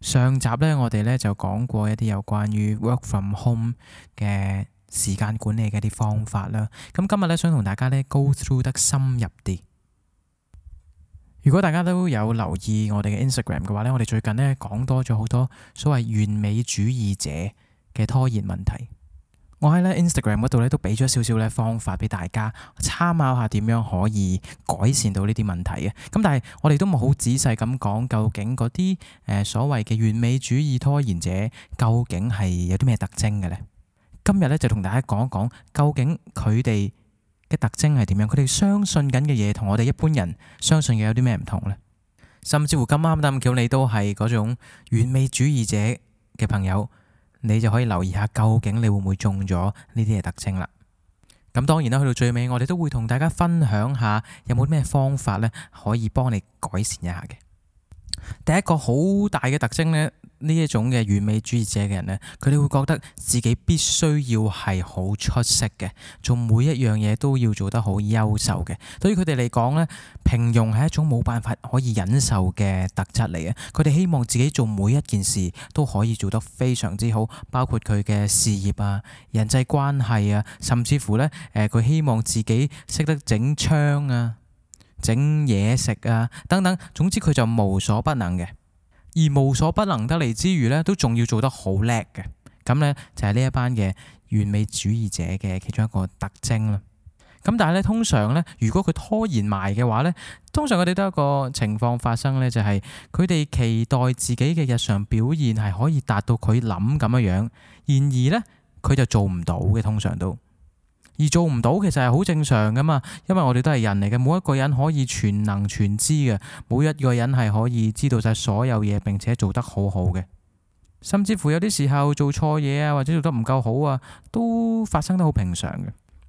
上集呢，我哋呢就講過一啲有關於 work from home 嘅時間管理嘅一啲方法啦。咁今日呢，想同大家呢 go through 得深入啲。如果大家都有留意我哋嘅 Instagram 嘅話呢，我哋最近呢講多咗好多所謂完美主義者嘅拖延問題。我喺 Instagram 嗰度咧，都俾咗少少咧方法俾大家參考下，點樣可以改善到呢啲問題啊？咁但係我哋都冇好仔細咁講，究竟嗰啲誒所謂嘅完美主義拖延者究竟係有啲咩特徵嘅呢？今日咧就同大家講講，究竟佢哋嘅特徵係點樣？佢哋相信緊嘅嘢同我哋一般人相信嘅有啲咩唔同呢？甚至乎今晚啱啱叫你都係嗰種完美主義者嘅朋友。你就可以留意下，究竟你會唔會中咗呢啲嘅特徵啦。咁當然啦，去到最尾，我哋都會同大家分享下，有冇咩方法呢，可以幫你改善一下嘅。第一個好大嘅特徵呢。呢一種嘅完美主義者嘅人呢，佢哋會覺得自己必須要係好出色嘅，做每一樣嘢都要做得好優秀嘅。對於佢哋嚟講呢，平庸係一種冇辦法可以忍受嘅特質嚟嘅。佢哋希望自己做每一件事都可以做得非常之好，包括佢嘅事業啊、人際關係啊，甚至乎呢，誒、呃，佢希望自己識得整槍啊、整嘢食啊等等。總之佢就無所不能嘅。而無所不能得嚟之餘呢，都仲要做得好叻嘅，咁呢，就係呢一班嘅完美主義者嘅其中一個特徵啦。咁但係呢，通常呢，如果佢拖延埋嘅話呢，通常佢哋都有一個情況發生呢，就係佢哋期待自己嘅日常表現係可以達到佢諗咁嘅樣，然而呢，佢就做唔到嘅，通常都。而做唔到其實係好正常噶嘛，因為我哋都係人嚟嘅，冇一個人可以全能全知嘅，冇一個人係可以知道晒所有嘢並且做得好好嘅。甚至乎有啲時候做錯嘢啊，或者做得唔夠好啊，都發生得好平常嘅。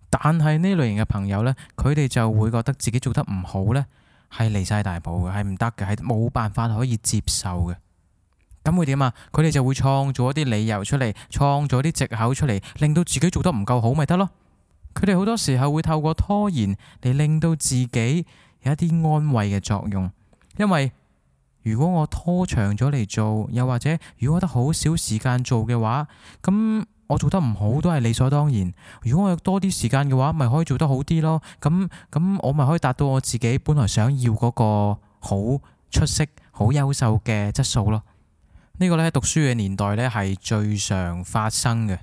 但係呢類型嘅朋友呢，佢哋就會覺得自己做得唔好呢，係離晒大步嘅，係唔得嘅，係冇辦法可以接受嘅。咁會點啊？佢哋就會創造一啲理由出嚟，創造啲藉口出嚟，令到自己做得唔夠好咪得咯。佢哋好多時候會透過拖延嚟，令到自己有一啲安慰嘅作用，因為如果我拖長咗嚟做，又或者如果我得好少時間做嘅話，咁我做得唔好都係理所當然。如果我有多啲時間嘅話，咪可以做得好啲咯。咁咁我咪可以達到我自己本來想要嗰個好出色、好優秀嘅質素咯。呢個呢，讀書嘅年代呢係最常發生嘅。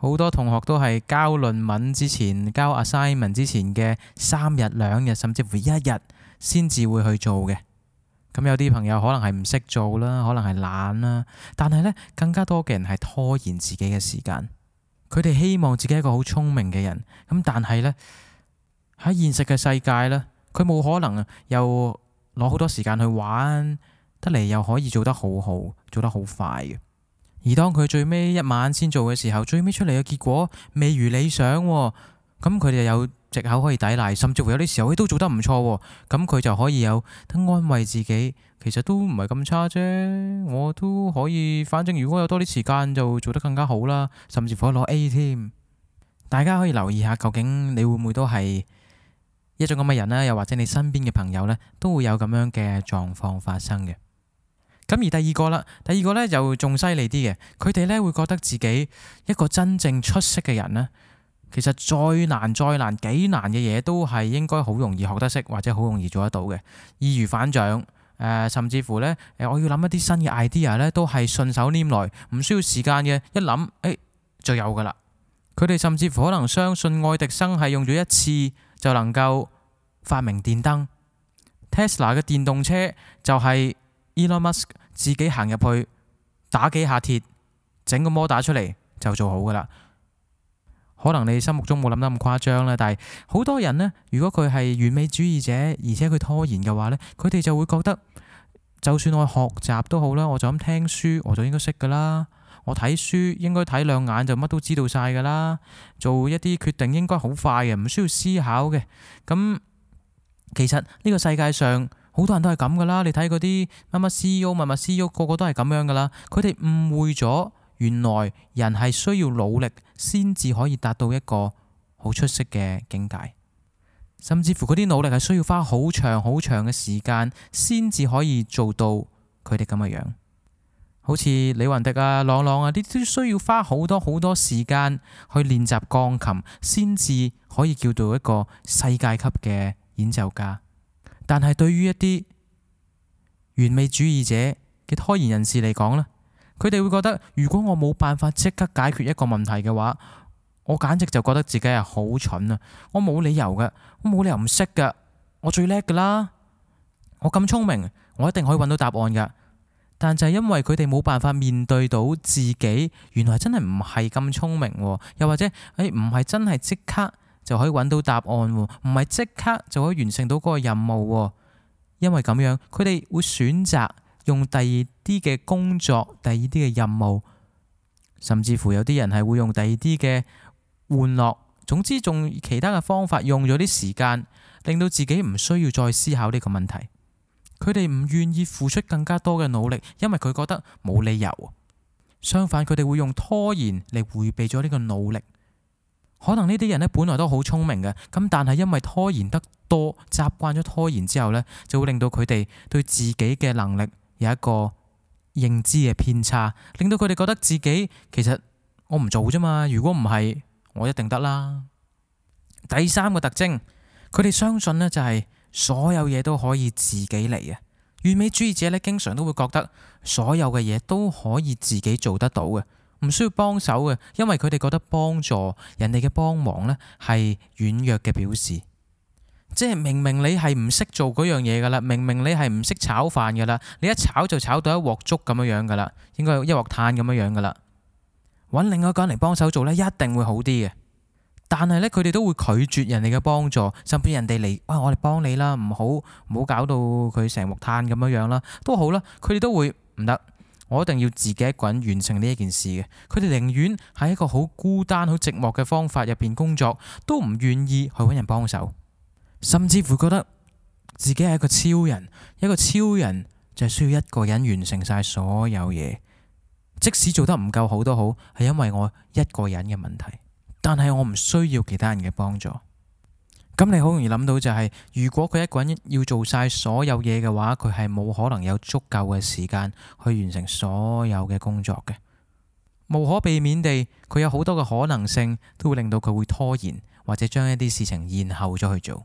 好多同學都係交論文之前、交 assignment 之前嘅三日、兩日，甚至乎一日先至會去做嘅。咁有啲朋友可能係唔識做啦，可能係懶啦。但係呢，更加多嘅人係拖延自己嘅時間。佢哋希望自己係一個好聰明嘅人，咁但係呢，喺現實嘅世界呢，佢冇可能啊，又攞好多時間去玩，得嚟又可以做得好好，做得好快嘅。而當佢最尾一晚先做嘅時候，最尾出嚟嘅結果未如理想喎，咁佢就有藉口可以抵賴。甚至乎有啲時候佢都做得唔錯喎，咁佢就可以有得安慰自己。其實都唔係咁差啫，我都可以。反正如果有多啲時間就做得更加好啦，甚至乎可攞 A 添。大家可以留意下，究竟你會唔會都係一種咁嘅人呢？又或者你身邊嘅朋友呢，都會有咁樣嘅狀況發生嘅。咁而第二個啦，第二個呢就仲犀利啲嘅，佢哋呢會覺得自己一個真正出色嘅人呢，其實再難再難幾難嘅嘢都係應該好容易學得識或者好容易做得到嘅，易如反掌。誒、呃，甚至乎呢，我要諗一啲新嘅 idea 呢都係順手拈來，唔需要時間嘅，一諗誒、哎、就有噶啦。佢哋甚至乎可能相信愛迪生係用咗一次就能夠發明電燈，Tesla 嘅電動車就係、是。自己行入去打幾下鐵，整個摩打出嚟，就做好噶啦。可能你心目中冇諗得咁誇張啦，但係好多人呢，如果佢係完美主義者，而且佢拖延嘅話呢，佢哋就會覺得，就算我學習都好啦，我就咁聽書，我就應該識噶啦。我睇書應該睇兩眼就乜都知道晒噶啦。做一啲決定應該好快嘅，唔需要思考嘅。咁其實呢個世界上，好多人都係咁噶啦，你睇嗰啲乜乜 CEO、乜乜 CEO，個個都係咁樣噶啦。佢哋誤會咗，原來人係需要努力先至可以達到一個好出色嘅境界，甚至乎嗰啲努力係需要花好長好長嘅時間先至可以做到佢哋咁嘅樣。好似李雲迪啊、朗朗啊，啲都需要花好多好多時間去練習鋼琴，先至可以叫做一個世界級嘅演奏家。但係對於一啲完美主義者嘅拖延人士嚟講呢，佢哋會覺得，如果我冇辦法即刻解決一個問題嘅話，我簡直就覺得自己係好蠢啊！我冇理由嘅，我冇理由唔識噶，我最叻噶啦！我咁聰明，我一定可以揾到答案噶。但就係因為佢哋冇辦法面對到自己，原來真係唔係咁聰明，又或者誒唔係真係即刻。就可以揾到答案，唔係即刻就可以完成到嗰個任務，因為咁樣佢哋會選擇用第二啲嘅工作，第二啲嘅任務，甚至乎有啲人係會用第二啲嘅玩樂，總之仲其他嘅方法用咗啲時間，令到自己唔需要再思考呢個問題。佢哋唔願意付出更加多嘅努力，因為佢覺得冇理由。相反，佢哋會用拖延嚟回避咗呢個努力。可能呢啲人呢，本來都好聰明嘅，咁但係因為拖延得多，習慣咗拖延之後呢，就會令到佢哋對自己嘅能力有一個認知嘅偏差，令到佢哋覺得自己其實我唔做咋嘛，如果唔係我一定得啦。第三個特徵，佢哋相信呢，就係所有嘢都可以自己嚟嘅。完美主義者呢，經常都會覺得所有嘅嘢都可以自己做得到嘅。唔需要幫手嘅，因為佢哋覺得幫助人哋嘅幫忙呢，係軟弱嘅表示，即係明明你係唔識做嗰樣嘢噶啦，明明你係唔識炒飯噶啦，你一炒就炒到一鑊粥咁樣樣噶啦，應該一鑊炭咁樣樣噶啦，揾另外一個人嚟幫手做呢，一定會好啲嘅，但係呢，佢哋都會拒絕人哋嘅幫助，甚至人哋嚟，哇，我嚟幫你啦，唔好唔好搞到佢成鑊炭咁樣樣啦，都好啦，佢哋都會唔得。我一定要自己一個人完成呢一件事嘅，佢哋寧願喺一個好孤單、好寂寞嘅方法入邊工作，都唔願意去搵人幫手，甚至乎覺得自己係一個超人，一個超人就係需要一個人完成晒所有嘢，即使做得唔夠好都好，係因為我一個人嘅問題，但係我唔需要其他人嘅幫助。咁你好容易諗到就係，如果佢一個人要做晒所有嘢嘅話，佢係冇可能有足夠嘅時間去完成所有嘅工作嘅。無可避免地，佢有好多嘅可能性都會令到佢會拖延，或者將一啲事情延後咗去做。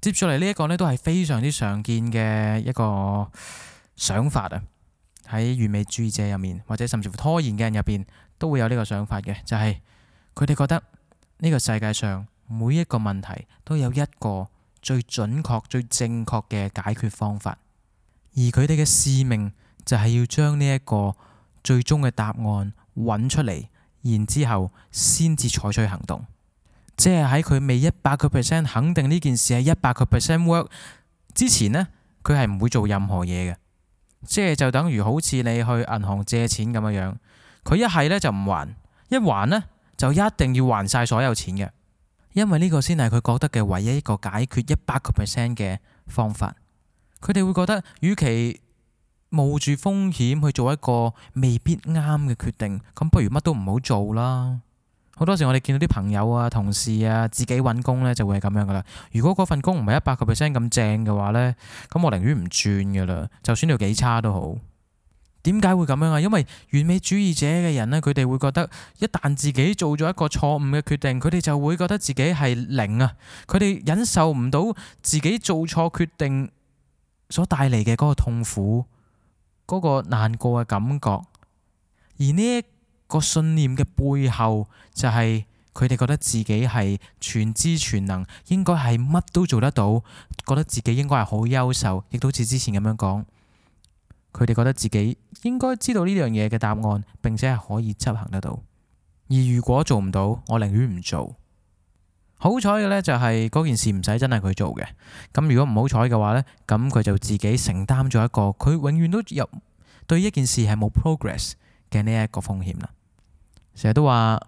接住嚟呢一個呢，都係非常之常見嘅一個想法啊！喺完美主義者入面，或者甚至乎拖延嘅人入邊，都會有呢個想法嘅，就係佢哋覺得呢個世界上，每一個問題都有一個最準確、最正確嘅解決方法，而佢哋嘅使命就係要將呢一個最終嘅答案揾出嚟，然之後先至採取行動。即係喺佢未一百個 percent 肯定呢件事係一百個 percent work 之前呢，佢係唔會做任何嘢嘅。即係就等於好似你去銀行借錢咁樣樣，佢一係呢就唔還，一還呢就一定要還晒所有錢嘅。因為呢個先係佢覺得嘅唯一一個解決一百個 percent 嘅方法，佢哋會覺得，與其冒住風險去做一個未必啱嘅決定，咁不如乜都唔好做啦。好多時我哋見到啲朋友啊、同事啊、自己搵工呢就會係咁樣噶啦。如果嗰份工唔係一百個 percent 咁正嘅話呢，咁我寧願唔轉噶啦，就算到幾差都好。點解會咁樣啊？因為完美主義者嘅人呢，佢哋會覺得一旦自己做咗一個錯誤嘅決定，佢哋就會覺得自己係零啊！佢哋忍受唔到自己做錯決定所帶嚟嘅嗰個痛苦、嗰個難過嘅感覺。而呢一個信念嘅背後，就係佢哋覺得自己係全知全能，應該係乜都做得到，覺得自己應該係好優秀。亦都好似之前咁樣講。佢哋覺得自己應該知道呢樣嘢嘅答案，並且係可以執行得到。而如果做唔到，我寧願唔做。好彩嘅呢，就係嗰件事唔使真係佢做嘅。咁如果唔好彩嘅話呢，咁佢就自己承擔咗一個佢永遠都入對一件事係冇 progress 嘅呢一個風險啦。成日都話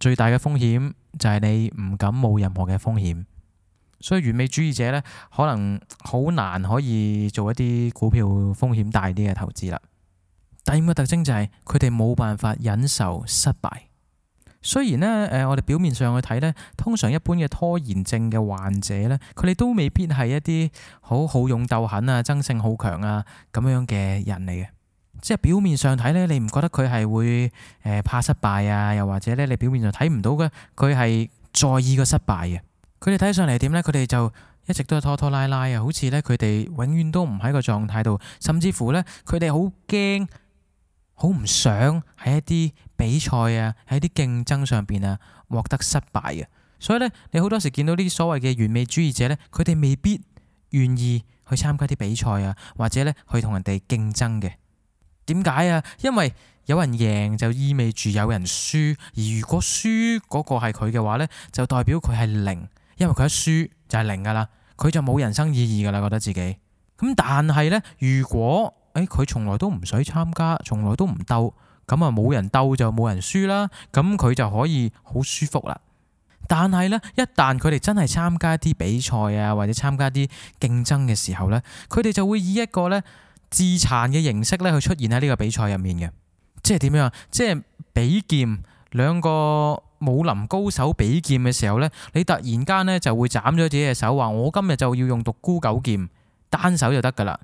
最大嘅風險就係你唔敢冇任何嘅風險。所以完美主義者呢，可能好難可以做一啲股票風險大啲嘅投資啦。第五個特徵就係佢哋冇辦法忍受失敗。雖然呢，誒、呃、我哋表面上去睇呢，通常一般嘅拖延症嘅患者呢，佢哋都未必係一啲好好勇鬥狠啊、爭性好強啊咁樣嘅人嚟嘅。即係表面上睇呢，你唔覺得佢係會誒、呃、怕失敗啊，又或者呢，你表面上睇唔到嘅，佢係在意個失敗嘅。佢哋睇上嚟點呢？佢哋就一直都係拖拖拉拉啊，好似呢，佢哋永遠都唔喺個狀態度，甚至乎呢，佢哋好驚、好唔想喺一啲比賽啊、喺啲競爭上邊啊獲得失敗啊。所以呢，你好多時見到呢啲所謂嘅完美主義者呢，佢哋未必願意去參加啲比賽啊，或者呢去同人哋競爭嘅。點解啊？因為有人贏就意味住有人輸，而如果輸嗰個係佢嘅話呢，就代表佢係零。因為佢一輸就係零噶啦，佢就冇人生意義噶啦，覺得自己。咁但係呢，如果誒佢、哎、從來都唔想參加，從來都唔鬥，咁啊冇人鬥就冇人輸啦，咁佢就可以好舒服啦。但係呢，一旦佢哋真係參加一啲比賽啊，或者參加啲競爭嘅時候呢，佢哋就會以一個呢自殘嘅形式呢去出現喺呢個比賽入面嘅。即係點樣啊？即係比劍兩個。武林高手比劍嘅時候呢，你突然間呢就會斬咗自己嘅手，話我今日就要用獨孤九劍單手就得噶啦。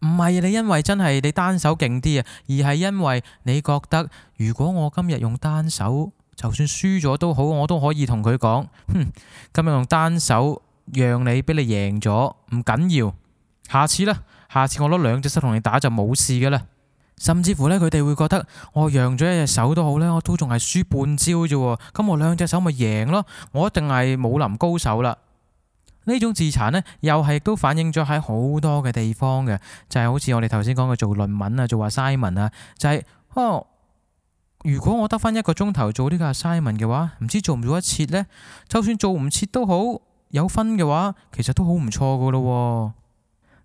唔係你因為真係你單手勁啲啊，而係因為你覺得如果我今日用單手就算輸咗都好，我都可以同佢講，哼，今日用單手讓你俾你贏咗唔緊要，下次啦，下次我攞兩隻手同你打就冇事噶啦。甚至乎呢，佢哋會覺得我讓咗一隻手都好呢，我都仲係輸半招啫。咁我兩隻手咪贏咯，我一定係武林高手啦。呢種自殘呢，又係都反映咗喺好多嘅地方嘅，就係、是、好似我哋頭先講嘅做論文啊，做 assignment 啊，就係哦。如果我得翻一個鐘頭做呢個 assignment 嘅話，唔知做唔做得切呢？就算做唔切都好，有分嘅話，其實都好唔錯噶咯。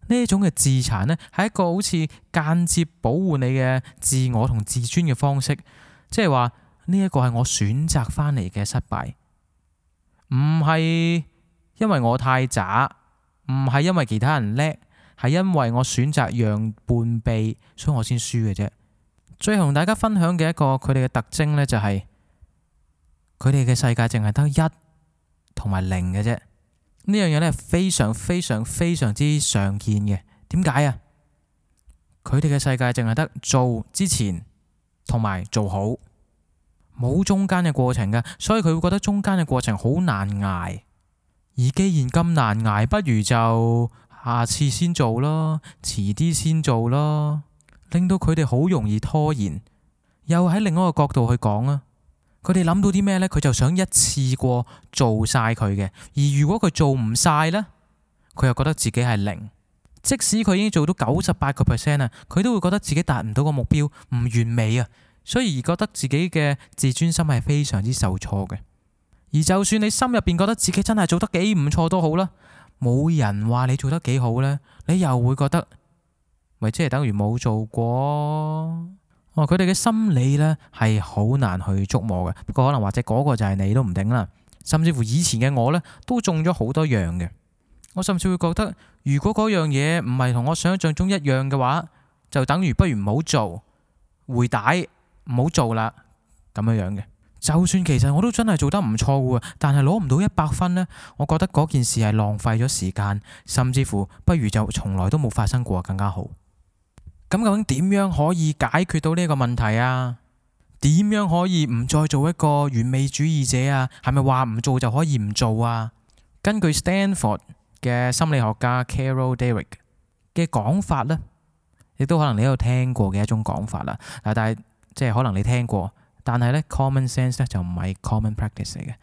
呢種嘅自殘呢，係一個好似間接保護你嘅自我同自尊嘅方式，即係話呢一個係我選擇翻嚟嘅失敗，唔係因為我太渣，唔係因為其他人叻，係因為我選擇讓半臂，所以我先輸嘅啫。最後同大家分享嘅一個佢哋嘅特徵呢、就是，就係佢哋嘅世界淨係得一同埋零嘅啫。呢樣嘢咧，非常非常非常之常見嘅，點解啊？佢哋嘅世界淨係得做之前同埋做好，冇中間嘅過程㗎，所以佢會覺得中間嘅過程好難挨。而既然咁難挨，不如就下次先做咯，遲啲先做咯，令到佢哋好容易拖延。又喺另外一個角度去講啊。佢哋諗到啲咩呢？佢就想一次過做晒佢嘅，而如果佢做唔晒呢，佢又覺得自己係零。即使佢已經做到九十八個 percent 啊，佢都會覺得自己達唔到個目標，唔完美啊，所以而覺得自己嘅自尊心係非常之受挫嘅。而就算你心入邊覺得自己真係做得幾唔錯都好啦，冇人話你做得幾好呢，你又會覺得，咪即係等於冇做過。佢哋嘅心理呢，係好難去捉摸嘅，不過可能或者嗰個就係你都唔頂啦，甚至乎以前嘅我呢，都中咗好多樣嘅，我甚至會覺得如果嗰樣嘢唔係同我想象中一樣嘅話，就等於不如唔好做，回帶唔好做啦咁樣樣嘅。就算其實我都真係做得唔錯嘅，但係攞唔到一百分呢，我覺得嗰件事係浪費咗時間，甚至乎不如就從來都冇發生過更加好。咁究竟點樣可以解決到呢個問題啊？點樣可以唔再做一個完美主義者啊？係咪話唔做就可以唔做啊？根據 Stanford 嘅心理學家 Carol Derrick 嘅講法呢，亦都可能你都有聽過嘅一種講法啦。但係即係可能你聽過，但係呢 common sense 咧就唔係 common practice 嚟嘅。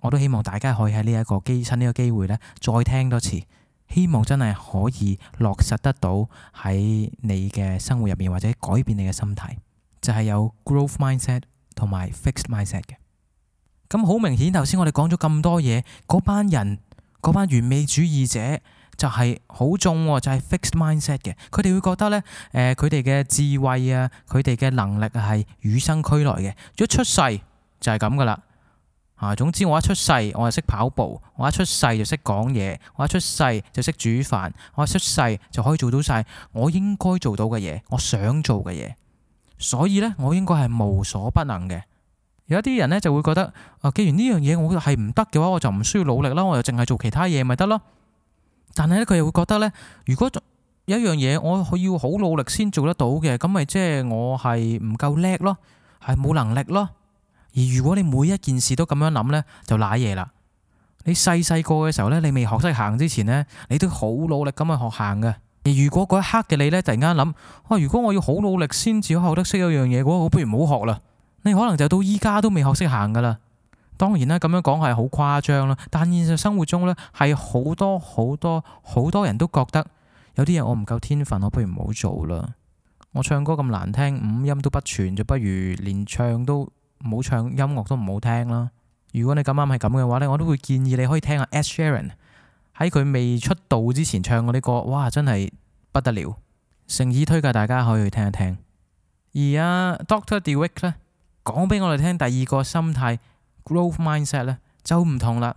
我都希望大家可以喺呢一個機趁呢個機會呢，再聽多次。希望真係可以落實得到喺你嘅生活入面，或者改變你嘅心態，就係、是、有 growth mindset 同埋 fixed mindset 嘅。咁好明顯，頭先我哋講咗咁多嘢，嗰班人、嗰班完美主義者就係好重喎、啊，就係、是、fixed mindset 嘅。佢哋會覺得呢，誒佢哋嘅智慧啊，佢哋嘅能力係、啊、與生俱來嘅，一出世就係咁噶啦。啊，總之我一出世我就識跑步，我一出世就識講嘢，我一出世就識煮飯，我一出世就可以做到晒我應該做到嘅嘢，我想做嘅嘢。所以呢，我應該係無所不能嘅。有一啲人呢，就會覺得，啊，既然呢樣嘢我係唔得嘅話，我就唔需要努力啦，我就淨係做其他嘢咪得咯。但係呢，佢又會覺得呢，如果有一樣嘢我要好努力先做得到嘅，咁咪即係我係唔夠叻咯，係冇能力咯。而如果你每一件事都咁樣諗呢，就瀨嘢啦。你細細個嘅時候呢，你未學識行之前呢，你都好努力咁去學行嘅。而如果嗰一刻嘅你呢，突然間諗，哇！如果我要好努力先至可以學得識一樣嘢嘅話，我不如唔好學啦。你可能就到依家都未學識行噶啦。當然啦，咁樣講係好誇張啦，但現實生活中呢，係好多好多好多人都覺得有啲嘢我唔夠天分，我不如唔好做啦。我唱歌咁難聽，五音都不全，就不如連唱都唔好唱，音樂都唔好聽啦。如果你咁啱係咁嘅話呢，我都會建議你可以聽下 Ed Sheeran 喺佢未出道之前唱嗰啲歌，哇，真係不得了！誠意推介大家可以去聽一聽。而阿、啊、Doctor Dweck 呢，講俾我哋聽第二個心態 growth mindset 呢，就唔同啦。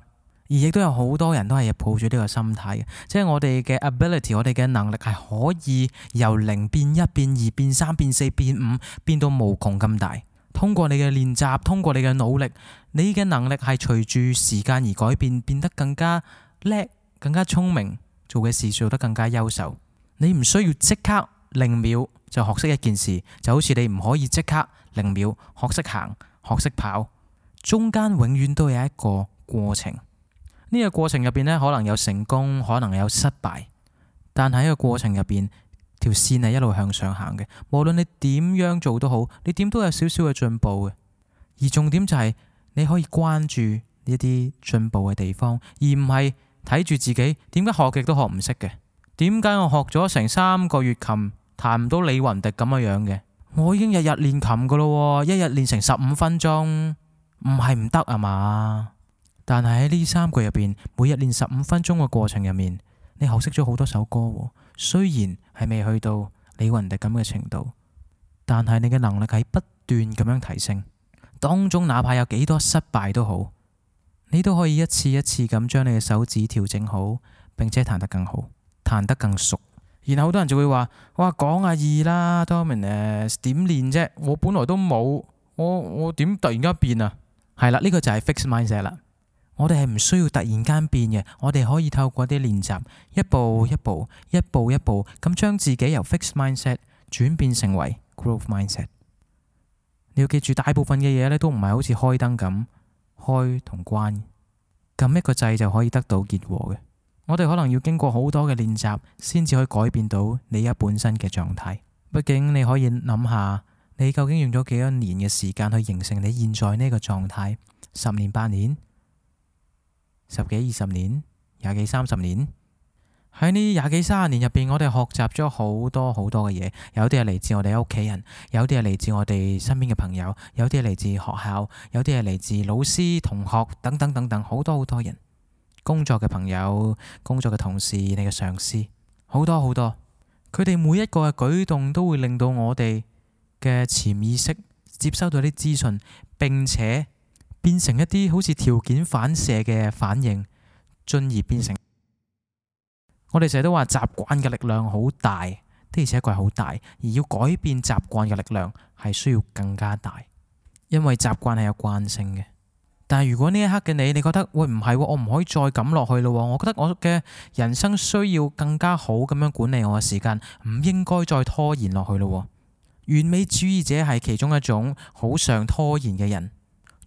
而亦都有好多人都係抱住呢個心態嘅，即係我哋嘅 ability，我哋嘅能力係可以由零變一變二變三變四變五變到無窮咁大。通過你嘅練習，通過你嘅努力，你嘅能力係隨住時間而改變，變得更加叻，更加聰明，做嘅事做得更加優秀。你唔需要即刻零秒就學識一件事，就好似你唔可以即刻零秒學識行、學識跑，中間永遠都有一個過程。呢個過程入邊呢，可能有成功，可能有失敗，但喺個過程入邊。條線係一路向上行嘅，無論你點樣做都好，你點都有少少嘅進步嘅。而重點就係你可以關注呢啲進步嘅地方，而唔係睇住自己點解學極都學唔識嘅，點解我學咗成三個月琴彈唔到李雲迪咁嘅樣嘅？我已經日日練琴噶啦，一日練成十五分鐘，唔係唔得係嘛？但係喺呢三個月入邊，每日練十五分鐘嘅過程入面，你學識咗好多首歌。雖然係未去到李雲迪咁嘅程度，但係你嘅能力係不斷咁樣提升，當中哪怕有幾多失敗都好，你都可以一次一次咁將你嘅手指調整好，並且彈得更好，彈得更熟。然後好多人就會話，哇，講下、啊、二啦，Dominus，點練啫？我本來都冇，我我點突然間變啊？係啦、嗯、呢、這個就係 fix mindset 啦。我哋係唔需要突然間變嘅，我哋可以透過啲練習，一步一步、一步一步咁將自己由 fixed mindset 轉變成為 growth mindset。你要記住，大部分嘅嘢咧都唔係好似開燈咁開同關，撳一個掣就可以得到結果嘅。我哋可能要經過好多嘅練習先至可以改變到你一本身嘅狀態。畢竟你可以諗下，你究竟用咗幾多年嘅時間去形成你現在呢個狀態？十年、八年？十幾二十年、廿幾三十年，喺呢廿幾三十年入邊，我哋學習咗好多好多嘅嘢，有啲係嚟自我哋屋企人，有啲係嚟自我哋身邊嘅朋友，有啲係嚟自學校，有啲係嚟自老師、同學等等等等，好多好多人，工作嘅朋友、工作嘅同事、你嘅上司，好多好多，佢哋每一個嘅舉動都會令到我哋嘅潛意識接收到啲資訊，並且，變成一啲好似條件反射嘅反應，進而變成 我哋成日都話習慣嘅力量好大，的而且確係好大，而要改變習慣嘅力量係需要更加大，因為習慣係有慣性嘅。但係如果呢一刻嘅你，你覺得會唔係我唔可以再咁落去咯？我覺得我嘅人生需要更加好咁樣管理我嘅時間，唔應該再拖延落去咯。完美主義者係其中一種好想拖延嘅人。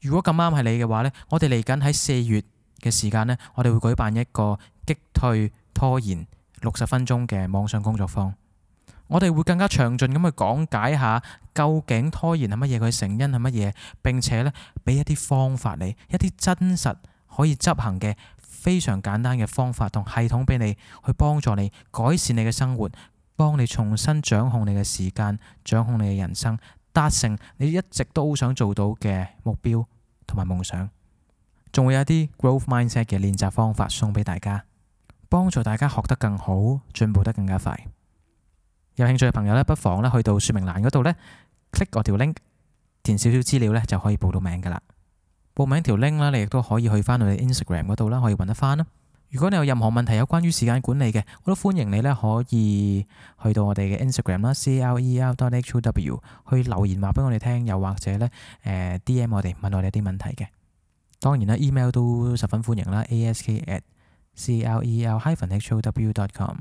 如果咁啱係你嘅話呢，我哋嚟緊喺四月嘅時間呢，我哋會舉辦一個擊退拖延六十分鐘嘅網上工作坊。我哋會更加詳盡咁去講解下究竟拖延係乜嘢，佢成因係乜嘢，並且呢俾一啲方法你，一啲真實可以執行嘅非常簡單嘅方法同系統俾你，去幫助你改善你嘅生活，幫你重新掌控你嘅時間，掌控你嘅人生。達成你一直都好想做到嘅目標同埋夢想，仲會有啲 growth mindset 嘅練習方法送俾大家，幫助大家學得更好，進步得更加快。有興趣嘅朋友咧，不妨咧去到說明欄嗰度咧，click 嗰條 link，填少少資料咧就可以報到名噶啦。報名條 link 啦，你亦都可以去翻我哋 Instagram 嗰度啦，可以揾得翻啦。如果你有任何問題，有關於時間管理嘅，我都歡迎你咧，可以去到我哋嘅 Instagram 啦，Career.how 去留言話俾我哋聽，又或者咧，誒、呃、D M 我哋問我哋一啲問題嘅。當然啦，email 都十分歡迎啦，ask at career hyphen how dot com。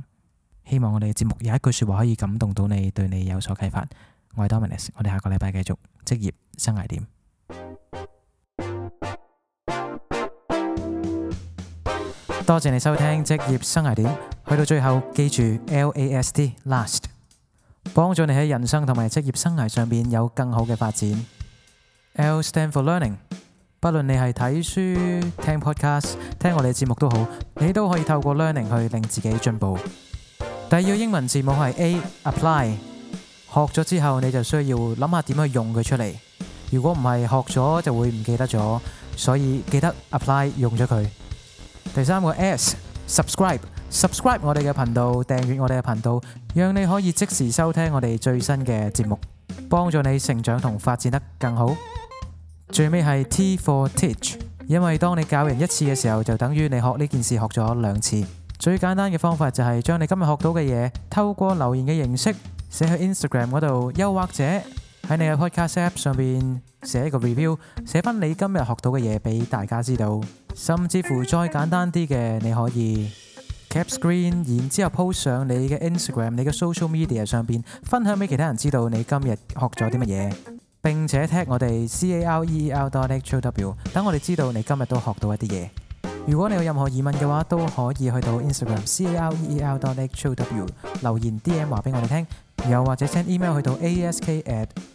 希望我哋嘅節目有一句説話可以感動到你，對你有所啟發。我係 Dominus，我哋下個禮拜繼續職業生涯點。多謝你收聽職業生涯點，去到最後記住 L A S T last，幫助你喺人生同埋職業生涯上面有更好嘅發展。L stand for learning，不論你係睇書、聽 podcast、聽我哋節目都好，你都可以透過 learning 去令自己進步。第二英文字母係 A apply，學咗之後你就需要諗下點去用佢出嚟。如果唔係學咗就會唔記得咗，所以記得 apply 用咗佢。第三個 S，subscribe，subscribe 我哋嘅頻道，訂閱我哋嘅頻道，讓你可以即時收聽我哋最新嘅節目，幫助你成長同發展得更好。最尾係 T for teach，因為當你教人一次嘅時候，就等於你學呢件事學咗兩次。最簡單嘅方法就係將你今日學到嘅嘢，透過留言嘅形式寫去 Instagram 嗰度，又或者。喺你嘅 Podcast App 上邊寫一個 review，寫翻你今日學到嘅嘢俾大家知道。甚至乎再簡單啲嘅，你可以 cap screen，然之後 post 上你嘅 Instagram、你嘅 social media 上邊分享俾其他人知道你今日學咗啲乜嘢，並且 tag 我哋 Career.how，等我哋知道你今日都學到一啲嘢。如果你有任何疑問嘅話，都可以去到 Instagram Career.how 留言 DM 話俾我哋聽，又或者 send email 去到 ask@。